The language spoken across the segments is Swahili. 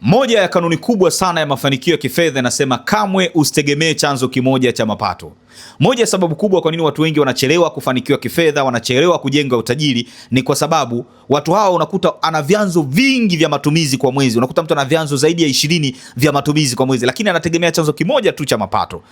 Moja ya kanuni kubwa sana ya mafanikio ya kifedha inasema kamwe usitegemee chanzo kimoja cha mapato. Moja ya sababu kubwa kwa nini watu wengi wanachelewa kufanikiwa kifedha, wanachelewa kujenga utajiri ni kwa sababu watu hawa unakuta ana vyanzo vingi vya matumizi kwa mwezi. Unakuta mtu ana vyanzo zaidi ya ishirini vya matumizi kwa mwezi, lakini anategemea chanzo kimoja tu cha mapato.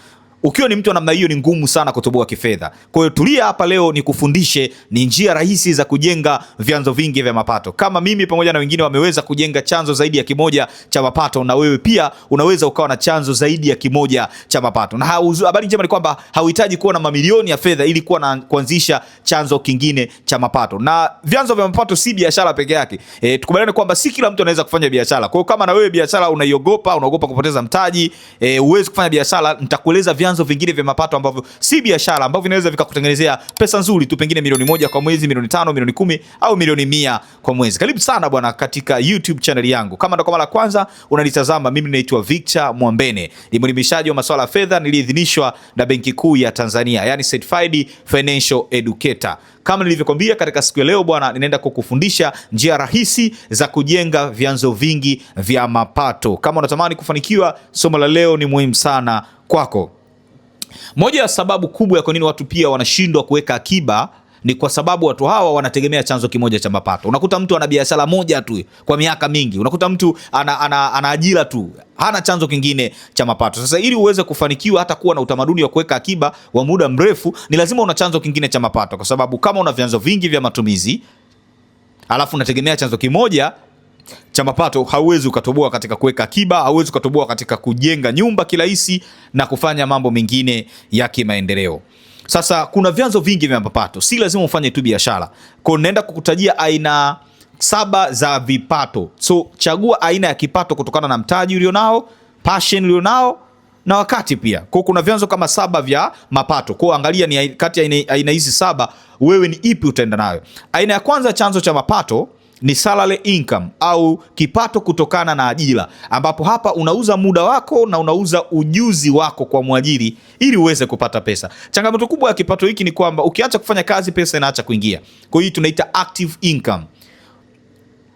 Ukiwa ni mtu wa namna hiyo ni ngumu sana kutoboa kifedha. Kwa hiyo tulia hapa leo ni kufundishe ni njia rahisi za kujenga vyanzo vingi vya mapato. Kama mimi pamoja na wengine wameweza kujenga chanzo zaidi ya kimoja cha mapato, na wewe pia unaweza ukawa na chanzo zaidi ya kimoja cha mapato. Na habari njema ni kwamba hauhitaji kuwa na mamilioni ya fedha ili kuwa na kuanzisha chanzo kingine cha mapato. Na vyanzo vya mapato si biashara peke yake. E, tukubaliane kwamba si kila mtu anaweza kufanya biashara. Kwa hiyo kama na wewe biashara unaiogopa, unaogopa kupoteza mtaji, e, uwezi kufanya biashara, nitakueleza vyanzo vyanzo vingine vya mapato ambavyo si biashara ambavyo vinaweza vikakutengenezea pesa nzuri tu, pengine milioni moja kwa mwezi, milioni tano, milioni kumi au milioni mia kwa mwezi. Karibu sana bwana katika YouTube channel yangu. Kama ndo kwa mara kwanza unanitazama, mimi naitwa Victor Mwambene, ni mwelimishaji wa masuala ya fedha niliyeidhinishwa na Benki Kuu ya Tanzania, yani certified financial educator. Kama nilivyokwambia katika siku ya leo bwana, ninaenda kukufundisha njia rahisi za kujenga vyanzo vingi vya mapato. Kama unatamani kufanikiwa, somo la leo ni muhimu sana kwako. Moja ya sababu kubwa ya kwa nini watu pia wanashindwa kuweka akiba ni kwa sababu watu hawa wanategemea chanzo kimoja cha mapato. Unakuta mtu ana biashara moja tu kwa miaka mingi, unakuta mtu ana, ana, ana ajira tu, hana chanzo kingine cha mapato. Sasa ili uweze kufanikiwa hata kuwa na utamaduni wa kuweka akiba wa muda mrefu, ni lazima una chanzo kingine cha mapato, kwa sababu kama una vyanzo vingi vya matumizi alafu unategemea chanzo kimoja cha mapato hauwezi ukatoboa katika kuweka akiba, hauwezi ukatoboa katika kujenga nyumba kirahisi na kufanya mambo mengine ya kimaendeleo. Sasa kuna vyanzo vingi vya mapato, si lazima ufanye tu biashara. Kwa naenda kukutajia aina saba za vipato, so chagua aina ya kipato kutokana na mtaji ulionao, passion ulionao na wakati pia. Kwa kuna vyanzo kama saba vya mapato. Kwa angalia ni kati ya aina hizi saba, wewe ni ipi utaenda nayo. Aina ya kwanza, chanzo cha mapato ni salary income au kipato kutokana na ajira, ambapo hapa unauza muda wako na unauza ujuzi wako kwa mwajiri ili uweze kupata pesa. Changamoto kubwa ya kipato hiki ni kwamba ukiacha kufanya kazi, pesa inaacha kuingia. Kwa hiyo tunaita active income.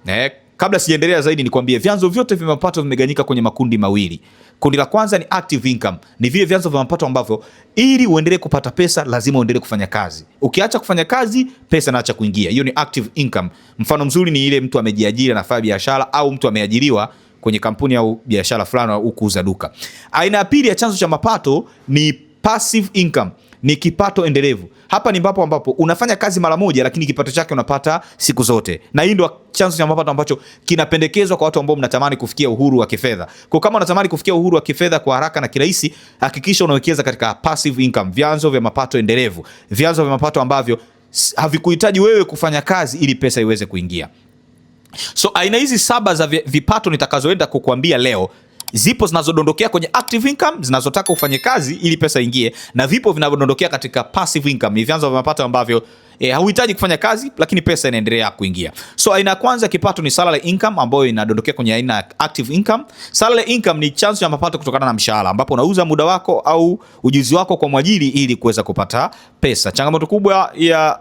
Eh, Kabla sijaendelea zaidi, nikwambie vyanzo vyote vya mapato vimeganyika kwenye makundi mawili. Kundi la kwanza ni active income, ni vile vyanzo vya mapato ambavyo ili uendelee kupata pesa lazima uendelee kufanya kazi. Ukiacha kufanya kazi, pesa inaacha kuingia. Hiyo ni active income. Mfano mzuri ni ile mtu amejiajiri, anafanya biashara au mtu ameajiriwa kwenye kampuni au biashara fulani au kuuza duka. Aina ya pili ya chanzo cha mapato ni passive income ni kipato endelevu. Hapa ni mbapo ambapo unafanya kazi mara moja, lakini kipato chake unapata siku zote, na hii ndio chanzo cha mapato ambacho kinapendekezwa kwa watu ambao mnatamani kufikia uhuru wa kifedha. Kwa kama unatamani kufikia uhuru wa kifedha kwa haraka na kirahisi, hakikisha unawekeza katika passive income, vyanzo vya mapato endelevu, vyanzo vya mapato ambavyo havikuhitaji wewe kufanya kazi ili pesa iweze kuingia. So aina hizi saba za vipato nitakazoenda kukuambia leo zipo zinazodondokea kwenye active income zinazotaka ufanye kazi ili pesa ingie, na vipo vinavyodondokea katika passive income, ni vyanzo vya mapato ambavyo E, hauhitaji kufanya kazi lakini pesa inaendelea kuingia. So aina ya kwanza ya kipato ni salary income ambayo inadondokea kwenye aina ya active income. Salary income ni chanzo cha mapato kutokana na mshahara ambapo unauza muda wako au ujuzi wako kwa mwajiri ili kuweza kupata pesa. Changamoto kubwa ya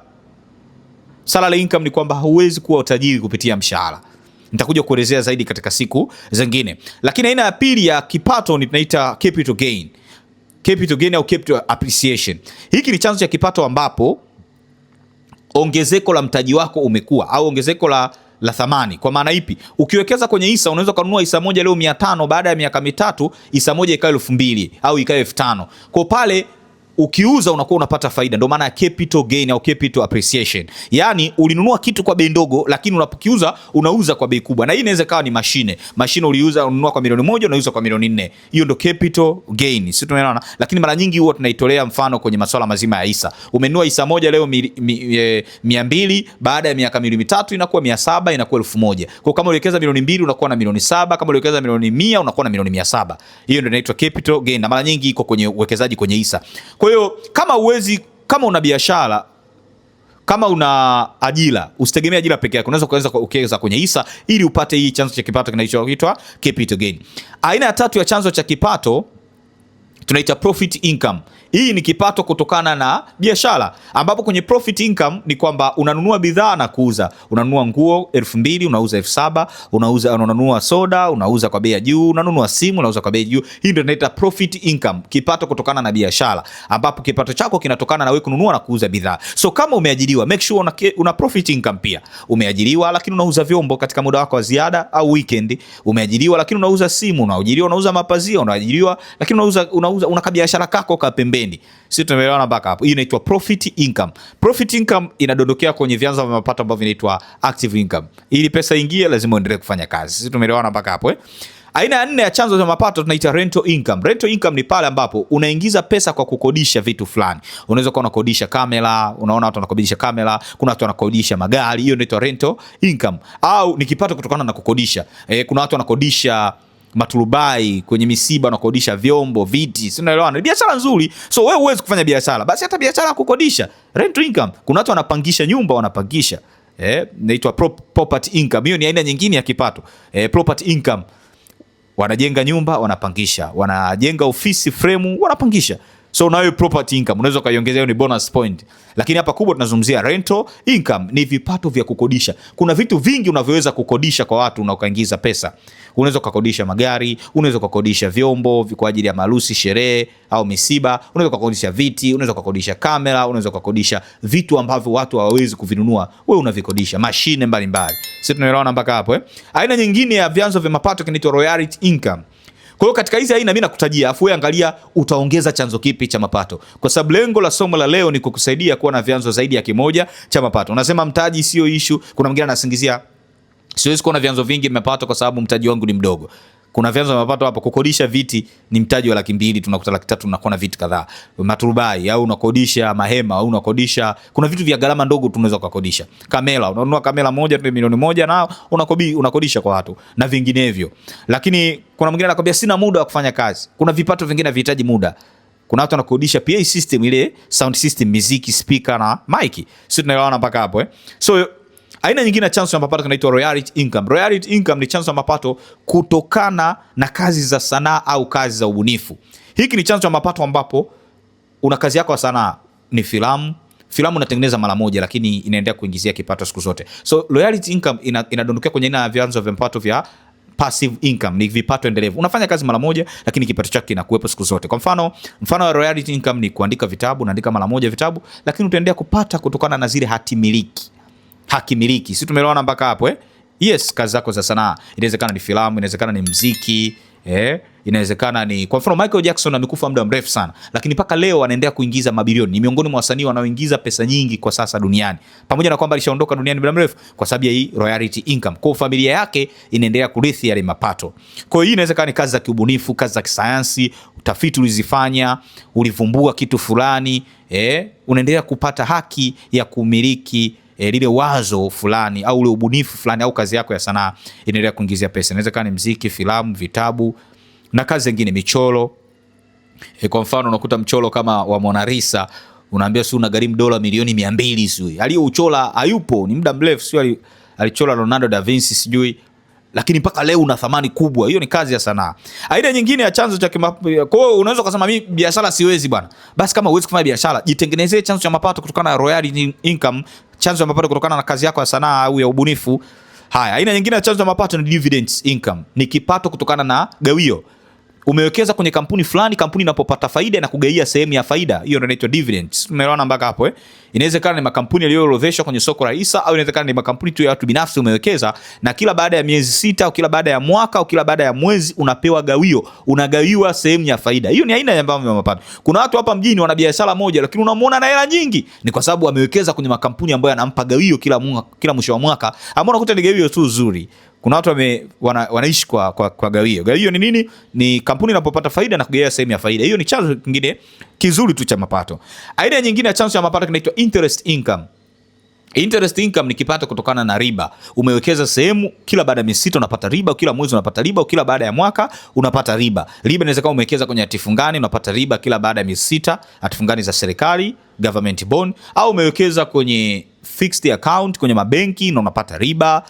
salary income ni kwamba huwezi kuwa utajiri kupitia mshahara nitakuja kuelezea zaidi katika siku zingine. Lakini aina ya pili ya kipato ni tunaita capital gain. Capital gain au capital appreciation. Hiki ni chanzo cha kipato ambapo ongezeko la mtaji wako umekuwa au ongezeko la la thamani. Kwa maana ipi? Ukiwekeza kwenye hisa unaweza kununua hisa moja leo 500, baada ya miaka mitatu hisa moja ikawa 2000 au ikawa 5000. Kwa pale ukiuza unakuwa unapata faida, ndio maana ya capital gain au capital appreciation. Yani ulinunua kitu kwa bei ndogo, lakini unapokiuza unauza kwa bei kubwa, na hii inaweza kawa ni mashine. Mashine uliuza ununua kwa milioni moja, unauza kwa milioni nne, hiyo ndio capital gain, si tunaelewana? Lakini mara nyingi huwa tunaitolea mfano kwenye masuala mazima ya hisa. Umenunua hisa moja leo mi, mi, e, mia mbili, baada ya miaka miwili mitatu inakuwa mia saba, inakuwa elfu moja. Kwa kama uliwekeza milioni mbili unakuwa na milioni saba, kama uliwekeza milioni mia unakuwa na milioni mia saba. Hiyo ndio inaitwa capital gain, na mara nyingi iko kwenye uwekezaji kwenye hisa. Kwa hiyo kama uwezi, kama una biashara kama una ajira usitegemee ajira peke yake, unaweza kuanza ukiweza kwenye hisa ili upate hii chanzo cha kipato kinachoitwa capital gain. Aina ya tatu ya chanzo cha kipato tunaita profit income. Hii ni kipato kutokana na biashara, ambapo kwenye profit income ni kwamba unanunua bidhaa na kuuza. Unanunua nguo elfu mbili unauza elfu saba unauza, unanunua soda unauza kwa bei ya juu, unanunua simu unauza kwa bei juu. Hii ndio inaita profit income, kipato kutokana na biashara, ambapo kipato chako kinatokana na wewe kununua na kuuza bidhaa. So kama umeajiriwa, make sure una, una profit income pia. Umeajiriwa lakini unauza vyombo katika muda wako wa ziada au weekend. Umeajiriwa lakini unauza simu, unaajiriwa unauza mapazia, unaajiriwa lakini unauza, unauza, una unakabiashara kako ka pembeni wageni. Sisi tumeelewana mpaka hapo. Hii inaitwa profit income. Profit income inadondokea kwenye vyanzo vya mapato ambavyo vinaitwa active income. Ili pesa ingie lazima uendelee kufanya kazi. Sisi tumeelewana mpaka hapo eh? Aina ya nne ya chanzo cha mapato tunaita rental income. Rental income ni pale ambapo unaingiza pesa kwa kukodisha vitu fulani. Unaweza kuwa unakodisha kamera, unaona watu wanakodisha kamera, kuna watu wanakodisha magari, hiyo inaitwa rental income. Au ni kipato kutokana na kukodisha. Eh, kuna watu wanakodisha maturubai, kwenye misiba unakodisha vyombo, viti, si ni Biashara nzuri. So wewe huwezi kufanya biashara, basi hata biashara ya kukodisha, rent income. Kuna watu wanapangisha nyumba, wanapangisha eh, inaitwa property income. Hiyo ni aina nyingine ya kipato eh, property income. Wanajenga nyumba, wanapangisha, wanajenga ofisi fremu, wanapangisha. So unayo property income, unaweza ukaiongezea, hiyo ni bonus point. Lakini hapa kubwa tunazungumzia rental income, ni vipato vya kukodisha. Kuna vitu vingi unavyoweza kukodisha kwa watu na ukaingiza pesa. Unaweza ukakodisha magari, unaweza ukakodisha vyombo kwa ajili ya marusi, sherehe au misiba, unaweza ukakodisha viti, unaweza ukakodisha kamera, unaweza ukakodisha vitu ambavyo watu hawawezi kuvinunua, wewe unavikodisha, mashine mbalimbali. Sisi tunaelewana mpaka hapo eh? Aina nyingine ya vyanzo vya mapato kinaitwa royalty income. Kwa hiyo katika hizi aina mimi nakutajia, afu wewe angalia utaongeza chanzo kipi cha mapato, kwa sababu lengo la somo la leo ni kukusaidia kuwa na vyanzo zaidi ya kimoja cha mapato. Unasema mtaji sio ishu. Kuna mwingine anasingizia siwezi kuwa na vyanzo vingi vya mapato kwa sababu mtaji wangu ni mdogo kuna vyanzo vya mapato hapo. Kukodisha viti ni mtaji wa laki mbili, tunakuta laki tatu, unakuwa na viti kadhaa. Maturubai au unakodisha mahema au unakodisha, kuna vitu vya gharama ndogo tunaweza kukodisha. Kamera, unanunua kamera moja tu milioni moja na unakobi unakodisha kwa watu na vinginevyo. Lakini kuna mwingine anakwambia sina muda wa kufanya kazi. Kuna vipato vingine vinahitaji muda kuna watu wanakodisha PA system ile sound system, miziki, speaker na mic, sio tunaelewana mpaka hapo eh? so Aina nyingine ya chanzo ya mapato kinaitwa royalty income. Royalty income ni chanzo ya mapato kutokana na kazi za sanaa au kazi za ubunifu. Hiki ni chanzo cha mapato ambapo una kazi yako ya sanaa, ni filamu filamu unatengeneza mara moja, lakini inaendelea kuingizia kipato siku zote. So royalty income inadondokea ina kwenye aina ya vyanzo vya mapato vya passive income, ni vipato endelevu. Unafanya kazi mara moja, lakini kipato chako kinakuwepo siku zote. Kwa mfano, mfano wa royalty income ni kuandika vitabu. Unaandika mara moja vitabu, lakini utaendelea kupata kutokana na zile hati miliki hakimiliki. Si tumeelewana mpaka hapo eh? Yes, kazi zako za sanaa, inawezekana ni filamu, inawezekana ni mziki eh, inawezekana ni kwa mfano Michael Jackson amekufa muda mrefu sana, lakini mpaka leo anaendelea kuingiza mabilioni. Ni miongoni mwa wasanii wanaoingiza pesa nyingi kwa sasa duniani, pamoja na kwamba alishaondoka duniani muda mrefu kwa sababu ya hii royalty income. Kwa familia yake inaendelea kurithi yale mapato. Kwa hiyo hii inawezekana ni kazi za kiubunifu, kazi za kisayansi, utafiti ulizifanya, ulivumbua kitu fulani eh, unaendelea kupata haki ya kumiliki e, lile wazo fulani au ule ubunifu fulani au kazi yako ya sanaa inaendelea kuingizia pesa. Inaweza kuwa ni mziki, filamu, vitabu na kazi zingine, michoro. E, kwa mfano unakuta mchoro kama wa Mona Lisa unaambia si gharimu dola milioni mia mbili sijui aliyouchora hayupo, ni muda mrefu, sio alichora Leonardo da Vinci sijui lakini mpaka leo una thamani kubwa. Hiyo ni kazi ya sanaa. Aina nyingine ya chanzo cha kimapato, unaweza kusema mimi biashara siwezi bwana. Basi kama huwezi kufanya biashara, jitengenezee chanzo cha mapato kutokana na royalty income, chanzo cha mapato kutokana na kazi yako ya sanaa au ya ubunifu. Haya, aina nyingine ya chanzo cha mapato ni dividends income, ni kipato kutokana na gawio umewekeza kwenye kampuni fulani, kampuni inapopata faida na inakugaia sehemu ya faida hiyo, ndio inaitwa dividends. Umeelewana mpaka hapo eh? Inawezekana ni makampuni yaliyoorodheshwa kwenye soko la hisa, au inawezekana ni makampuni tu ya watu binafsi umewekeza, na kila baada ya miezi sita au kila baada ya mwaka au kila baada ya mwezi unapewa gawio, unagawiwa sehemu ya faida. Hiyo ni aina ya mapato. Kuna watu hapa mjini wana biashara moja, lakini unamuona na hela nyingi, ni kwa sababu amewekeza kwenye makampuni ambayo yanampa gawio kila mwaka, kila mwisho wa mwaka, ambao unakuta ni gawio tu nzuri kuna watu wame, wana, wanaishi kwa, kwa, kwa gawio. Gawio ni nini? Ni kampuni inapopata faida na kugawia sehemu ya faida. Hiyo ni chanzo kingine kizuri tu cha mapato. Aina nyingine ya chanzo cha mapato kinaitwa interest income. Interest income ni kipato kutokana na riba. Umewekeza sehemu, kila baada ya miezi sita unapata riba, kila mwezi unapata riba, kila baada ya mwaka unapata riba. Riba inaweza kuwa umewekeza kwenye hati fungani, unapata riba kila baada ya miezi sita, hati fungani za serikali, government bond, au umewekeza kwenye fixed account kwenye mabenki na unapata riba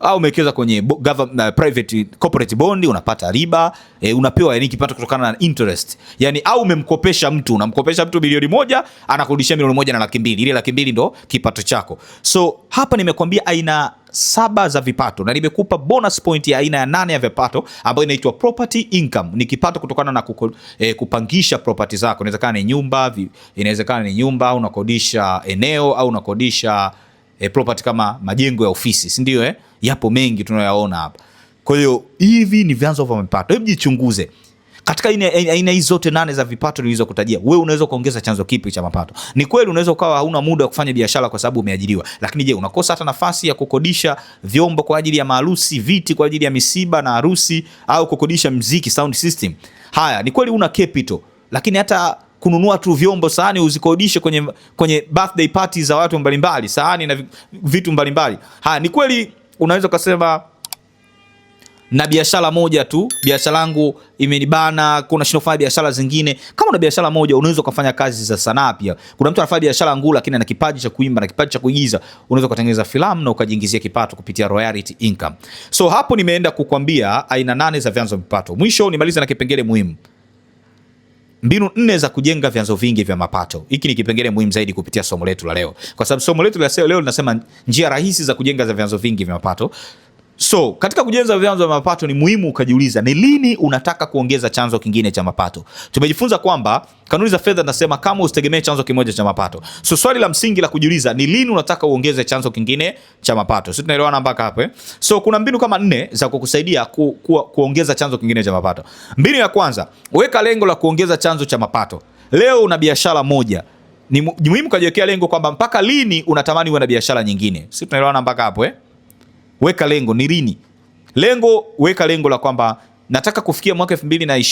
au umewekeza kwenye government, uh, private corporate bond unapata riba e, unapewa yani kipato kutokana na interest yani, au umemkopesha mtu, unamkopesha mtu bilioni moja anakurudishia milioni moja na laki mbili ile laki mbili ndo kipato chako. So hapa nimekwambia aina saba za vipato na nimekupa bonus point ya aina ya nane ya vipato ambayo inaitwa property income. Ni kipato kutokana na kuko, eh, kupangisha property zako. Inawezekana ni nyumba, inawezekana ni nyumba unakodisha eneo au unakodisha e, property kama majengo ya ofisi, si ndio eh? Yapo mengi tunayoyaona hapa. Kwa hiyo hivi ni vyanzo vya mapato. Hebu jichunguze katika aina hizi zote nane za vipato nilizokutajia, wewe unaweza kuongeza chanzo kipi cha mapato? Ni kweli unaweza ukawa hauna muda wa kufanya biashara kwa sababu umeajiriwa, lakini je, unakosa hata nafasi ya kukodisha vyombo kwa ajili ya maharusi, viti kwa ajili ya misiba na harusi, au kukodisha mziki, sound system? Haya, ni kweli una capital, lakini hata kununua tu vyombo, sahani uzikodishe kwenye, kwenye birthday party za watu mbalimbali, sahani na vitu mbalimbali. Haya, ni kweli unaweza ukasema na biashara moja tu, biashara yangu imenibana, kuna shindo kufanya biashara zingine. Kama una biashara moja, unaweza ukafanya kazi za sanaa pia. Kuna mtu anafanya biashara nguu, lakini ana kipaji cha kuimba na kipaji cha kuigiza, unaweza ukatengeneza filamu na ukajiingizia kipato kupitia royalty income. So hapo nimeenda kukwambia aina nane za vyanzo vya mapato. Mwisho nimalize na kipengele muhimu mbinu nne za kujenga vyanzo vingi vya mapato. Hiki ni kipengele muhimu zaidi kupitia somo letu la leo, kwa sababu somo letu la leo linasema njia rahisi za kujenga za vyanzo vingi vya mapato. So katika kujenza vyanzo vya mapato ni muhimu ukajiuliza ni lini unataka kuongeza chanzo kingine cha mapato. Tumejifunza kwamba kanuni za fedha nasema kama usitegemee chanzo kimoja cha mapato. So swali la msingi la kujiuliza ni lini unataka uongeze chanzo kingine cha mapato. Sisi tunaelewana mpaka hapo eh? So kuna mbinu kama nne za kukusaidia ku, ku, kuongeza chanzo kingine cha mapato. Mbinu ya kwanza, weka lengo la kuongeza chanzo cha mapato. Leo una biashara moja ni muhimu kujiwekea lengo kwamba mpaka lini unatamani uwe na biashara nyingine. Sisi tunaelewana mpaka hapo eh? weka lengo. Ni lini lengo? Weka lengo la kwamba nataka kufikia mwaka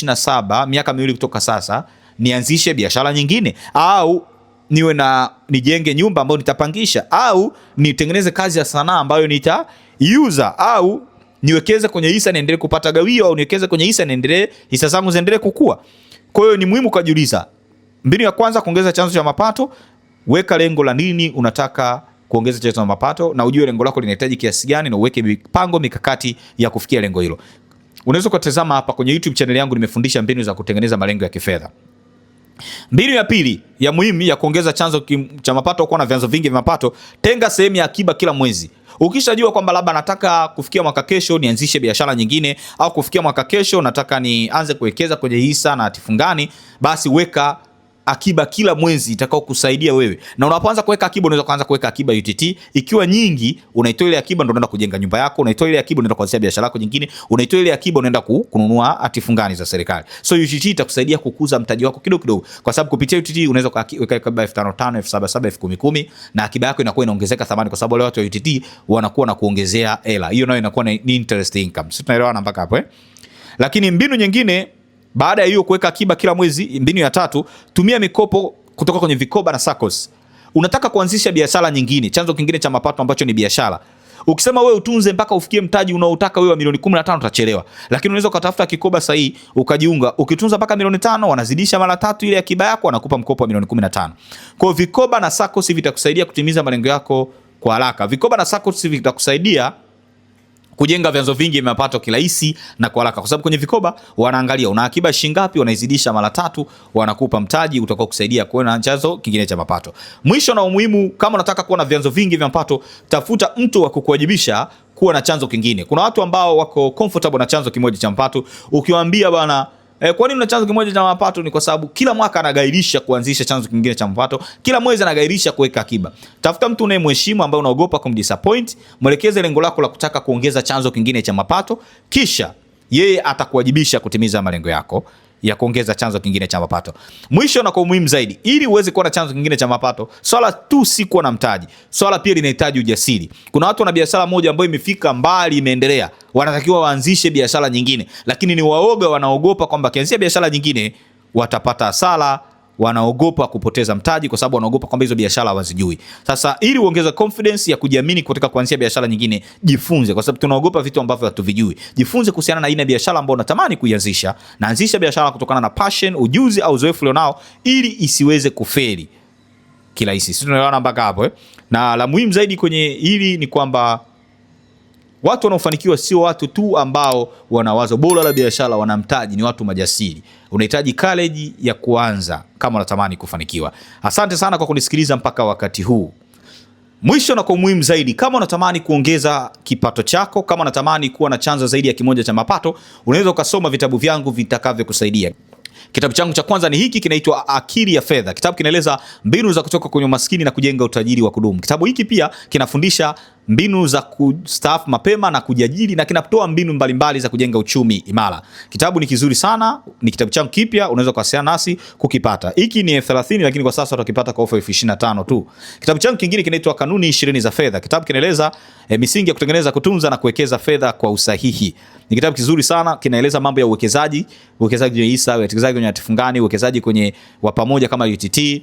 na saba miaka miwili kutoka sasa, nianzishe biashara nyingine au niwe na nijenge nyumba ambayo nitapangisha au nitengeneze kazi ya sanaa ambayo nitaiuza au niwekeze kwenye hisa niendelee kupata gawio au niwekeze kwenye hisa niendelee hisa zangu ziendelee kukua. Kwa hiyo ni muhimu kujiuliza, mbinu ya kwanza, kuongeza chanzo cha mapato. Weka lengo la nini unataka kuongeza cha mapato na ujue lengo lako linahitaji kiasi gani na uweke mipango mikakati ya kufikia lengo hilo. Unaweza kutazama hapa kwenye YouTube channel yangu, nimefundisha mbinu za kutengeneza malengo ya kifedha. Mbinu ya pili ya muhimu ya kuongeza chanzo cha mapato, kwa na vyanzo vingi vya mapato, tenga sehemu ya akiba kila mwezi. Ukishajua kwamba labda nataka kufikia mwaka kesho nianzishe biashara nyingine, au kufikia mwaka kesho nataka nianze kuwekeza kwenye hisa na hatifungani, basi weka akiba kila mwezi itakao kusaidia wewe, na unapoanza kuweka akiba unaweza kuanza kuweka akiba UTT. Ikiwa nyingi, unaitoa ile akiba ndio unaenda kujenga nyumba yako, unaitoa ile akiba unaenda kuanzisha biashara yako nyingine, unaitoa ile akiba unaenda kununua hati fungani za serikali. So UTT itakusaidia kukuza mtaji wako kidogo kidogo, kwa sababu kupitia UTT unaweza kuweka akiba 5005, 777, 10010 na akiba yako inakuwa inaongezeka thamani, kwa sababu wale watu wa UTT wanakuwa na kuongezea hela. Hiyo nayo inakuwa ni interest income. Sisi tunaelewana mpaka hapo eh? Lakini mbinu nyingine baada ya hiyo kuweka akiba kila mwezi, mbinu ya tatu, tumia mikopo kutoka kwenye vikoba na SACCOS. Unataka kuanzisha biashara nyingine, chanzo kingine cha mapato ambacho ni biashara. Ukisema wewe utunze mpaka ufikie mtaji unaotaka wewe wa milioni 15 utachelewa, lakini unaweza ukatafuta kikoba sahihi ukajiunga. Ukitunza mpaka milioni tano, wanazidisha mara tatu ile akiba yako, wanakupa mkopo wa milioni 15. Kwa hiyo vikoba na SACCOS vitakusaidia kutimiza malengo yako kwa haraka. Vikoba na SACCOS vitakusaidia kujenga vyanzo vingi vya mapato kirahisi na kwa haraka, kwa sababu kwenye vikoba wanaangalia una akiba shingapi, wanaizidisha mara tatu, wanakupa mtaji utakao kusaidia kuona chanzo kingine cha mapato. Mwisho na umuhimu, kama unataka kuwa na vyanzo vingi vya mapato, tafuta mtu wa kukuwajibisha kuwa na chanzo kingine. Kuna watu ambao wako comfortable na chanzo kimoja cha mapato, ukiwaambia bwana E, kwa nini chanzo kimoja cha mapato? Ni kwa sababu kila mwaka anagairisha kuanzisha chanzo kingine cha mapato, kila mwezi anagairisha kuweka akiba. Tafuta mtu unayemheshimu ambaye unaogopa kumdisappoint, mwelekeze lengo lako la kutaka kuongeza chanzo kingine cha mapato, kisha yeye atakuwajibisha kutimiza malengo yako ya kuongeza chanzo kingine cha mapato. Mwisho na kwa umuhimu zaidi, ili uweze kuwa na chanzo kingine cha mapato, swala tu si kuwa na mtaji, swala pia linahitaji ujasiri. Kuna watu wana biashara moja ambayo imefika mbali, imeendelea, wanatakiwa waanzishe biashara nyingine, lakini ni waoga, wanaogopa kwamba kianzia biashara nyingine watapata hasara wanaogopa kupoteza mtaji kwa sababu wanaogopa kwamba hizo biashara hawazijui. Sasa ili uongeze confidence ya kujiamini katika kuanzia biashara nyingine, jifunze, kwa sababu tunaogopa vitu ambavyo hatuvijui. Jifunze kuhusiana na aina ya biashara ambayo unatamani kuianzisha, na anzisha biashara kutokana na passion, ujuzi au uzoefu ulionao, ili isiweze kufeli kirahisi. Sisi tunaelewana mpaka hapo eh? Na la muhimu zaidi kwenye hili ni kwamba Watu wanaofanikiwa sio watu tu ambao wana wazo bora la biashara, wana mtaji, ni watu majasiri. Unahitaji college ya kuanza kama unatamani kufanikiwa. Asante sana kwa kunisikiliza mpaka wakati huu. Mwisho na kwa muhimu zaidi, kama unatamani kuongeza kipato chako, kama unatamani kuwa na chanzo zaidi ya kimoja cha mapato, unaweza ukasoma vitabu vyangu vitakavyokusaidia. Kitabu changu cha kwanza ni hiki, kinaitwa Akili ya Fedha. Kitabu kinaeleza mbinu za kutoka kwenye umaskini na kujenga utajiri wa kudumu. Kitabu hiki pia kinafundisha mbinu za kustaafu mapema na kujiajiri na kinatoa mbinu mbalimbali mbali za kujenga uchumi imara. Kitabu ni kizuri sana, ni kitabu changu kipya, unaweza kuwasiliana nasi kukipata. Hiki ni elfu thelathini lakini kwa sasa utakipata kwa ofa elfu ishirini na tano tu. Kitabu changu kingine kinaitwa Kanuni ishirini za Fedha. Kitabu kinaeleza eh, misingi ya kutengeneza, kutunza na kuwekeza fedha kwa usahihi. Ni kitabu kizuri sana, kinaeleza mambo ya uwekezaji, uwekezaji kwenye hisa, uwekezaji kwenye hatifungani, uwekezaji kwenye wa pamoja kama UTT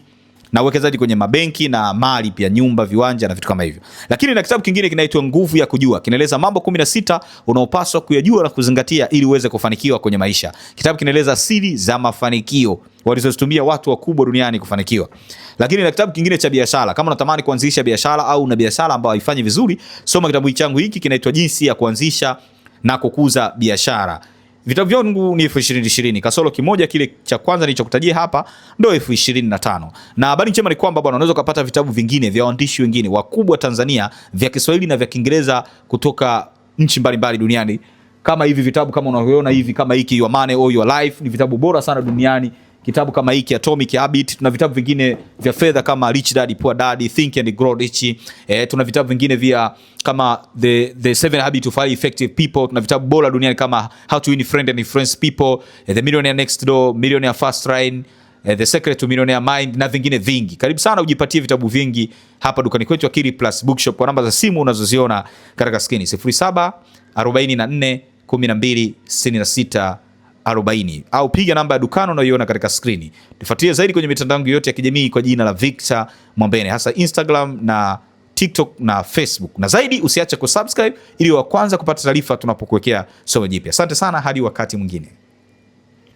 na uwekezaji kwenye mabenki na mali pia, nyumba, viwanja na vitu kama hivyo. Lakini na kitabu kingine kinaitwa Nguvu ya Kujua, kinaeleza mambo 16 unaopaswa kuyajua na kuzingatia ili uweze kufanikiwa kwenye maisha. Kitabu kinaeleza siri za mafanikio walizozitumia watu wakubwa duniani kufanikiwa. Lakini na kitabu kingine cha biashara, kama unatamani kuanzisha biashara au una biashara ambayo haifanyi vizuri, soma kitabu changu hiki kinaitwa Jinsi ya Kuanzisha na Kukuza Biashara. Vitabu vyangu ni elfu ishirini ishirini kasoro kimoja, kile cha kwanza nilichokutajia hapa ndo elfu ishirini na tano na habari njema ni kwamba bwana, unaweza kupata vitabu vingine vya waandishi wengine wakubwa Tanzania vya Kiswahili na vya Kiingereza kutoka nchi mbalimbali duniani kama hivi vitabu kama unavyoona hivi, kama hiki Your Money or Your Life ni vitabu bora sana duniani kitabu kama hiki Atomic Habit. Tuna vitabu vingine vya fedha kama Rich Dad Poor Dad, Think and Grow Rich. Eh, tuna vitabu vingine via kama the the Seven Habits of Highly Effective People. Tuna vitabu bora duniani kama How to Win Friends and Influence People, eh, The Millionaire Next Door, Millionaire Fast Lane, eh, The Secret to Millionaire Mind na vingine vingi. Karibu sana ujipatie vitabu vingi hapa dukani kwetu Akili Plus Bookshop kwa namba za simu unazoziona katika skrini 0744 12 1266 40 au piga namba ya dukano unayoiona katika skrini. Tufuatilie zaidi kwenye mitandao yote ya kijamii kwa jina la Victor Mwambene, hasa Instagram na TikTok na Facebook, na zaidi usiache kusubscribe ili wa kwanza kupata taarifa tunapokuwekea somo jipya. Asante sana, hadi wakati mwingine.